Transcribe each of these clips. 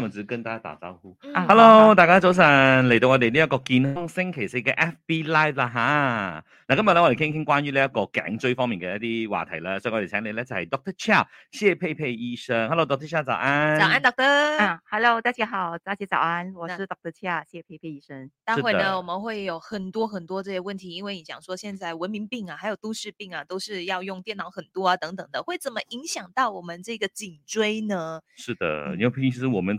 他跟大家打招呼、嗯、，Hello，、uh, 大家早晨嚟、uh, 到我哋呢一個健康星期四嘅 FB Live 啦吓。嗱、uh, 啊，今日呢我哋傾傾關於呢一個頸椎方面嘅一啲話題啦，所以我哋請你呢，就係、是、Dr. Chia 謝佩佩醫生。Hello，Dr. Chia，早安。早安，Doctor。Uh, hello，大家好，大家早安，我是 Dr. Chia 謝謝佩佩醫生的。待會呢我們會有很多很多這些問題，因爲你講說現在文明病啊，還有都市病啊，都是要用電腦很多啊，等等的，會怎麼影響到我們這個頸椎呢？是的，因為平時我們。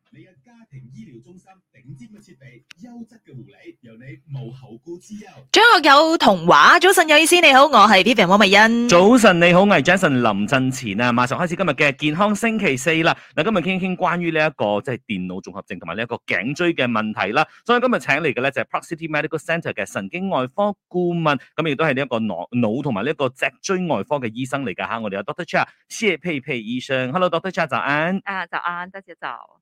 你嘅家庭醫療中心頂尖嘅設備，優質嘅護理，由你無後顧之憂。張學友同華早晨，有意思你好，我係 Peter 王美欣。早晨你好，我係 Jason 林振前啊，馬上開始今日嘅健康星期四啦。嗱，今日傾一傾關於呢一個即係電腦綜合症同埋呢一個頸椎嘅問題啦。所以今日請嚟嘅咧就係 Proximity Medical Center 嘅神經外科顧問，咁亦都係呢一個腦腦同埋呢一個脊椎外科嘅醫生嚟噶吓。我哋有 Doctor Che 謝佩佩醫生，Hello Doctor Che，早安啊，早安，大家早。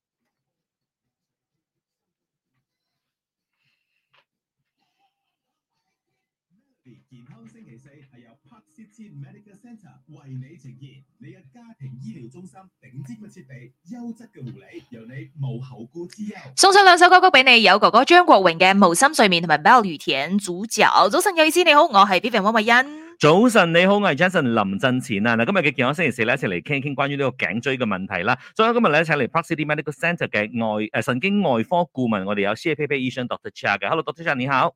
健康星期四係由 Park City Medical Centre 為你呈現，你嘅家庭醫療中心頂尖嘅設備、優質嘅護理，由你無後顧之憂。送上兩首歌曲俾你，有哥哥張國榮嘅《無心睡眠》同埋《b e 田。主角早晨有意思，你好，我係 Beverly 溫慧欣。早晨你好，我係 Jason 林振前啊！嗱，今日嘅健康星期四咧，一齊嚟傾一傾關於呢個頸椎嘅問題啦。所以今日咧，一齊嚟 Park City Medical Centre 嘅外誒、呃、神經外科顧問，我哋有 C P P 醫生 Doctor 嘅。Hello，Doctor，你好。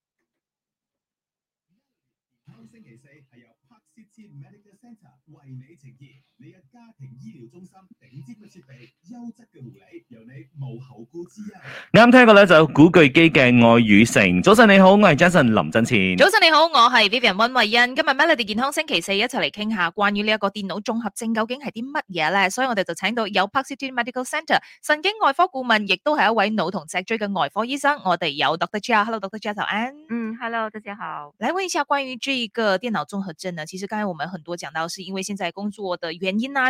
醫療中心頂級嘅設備、優質嘅護理，由你無後顧之憂。啱聽過咧，就有古巨基嘅《愛與誠》。早晨你好，我係 Jason 林振千。早晨你好，我係 Vivian 溫慧欣。今日 Melody 健康星期四一齊嚟傾下關於呢一個電腦綜合症究竟係啲乜嘢咧？所以我哋就請到有 Paxton Medical Center 神經外科顧問，亦都係一位腦同脊椎嘅外科醫生。我哋有 Doctor Joe，Hello Doctor Joe 嗯，Hello 大家好，嚟問一下關於呢一個電腦綜合症呢？其實剛才我們很多講到，是因為現在工作嘅原因啊。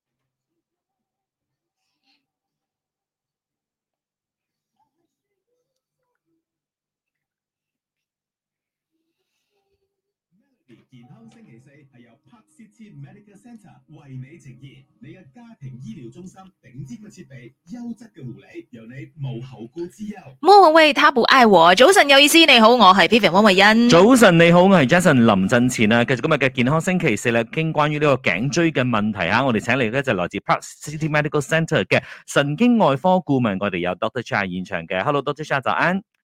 設 Medical Center 為你呈現你嘅家庭醫療中心頂尖嘅設備、優質嘅護理，由你無後顧之憂。Morning，喂，他不愛我，早晨有意思，你好，我係 Peter 溫慧欣。早晨你好，我係 Jason 林振前啊，繼續今日嘅健康星期四啦，傾關於呢個頸椎嘅問題吓，我哋請嚟嘅就來自 Plus City Medical Center 嘅神經外科顧問，我哋有 Doctor Che 現場嘅。Hello，Doctor Che，早晨。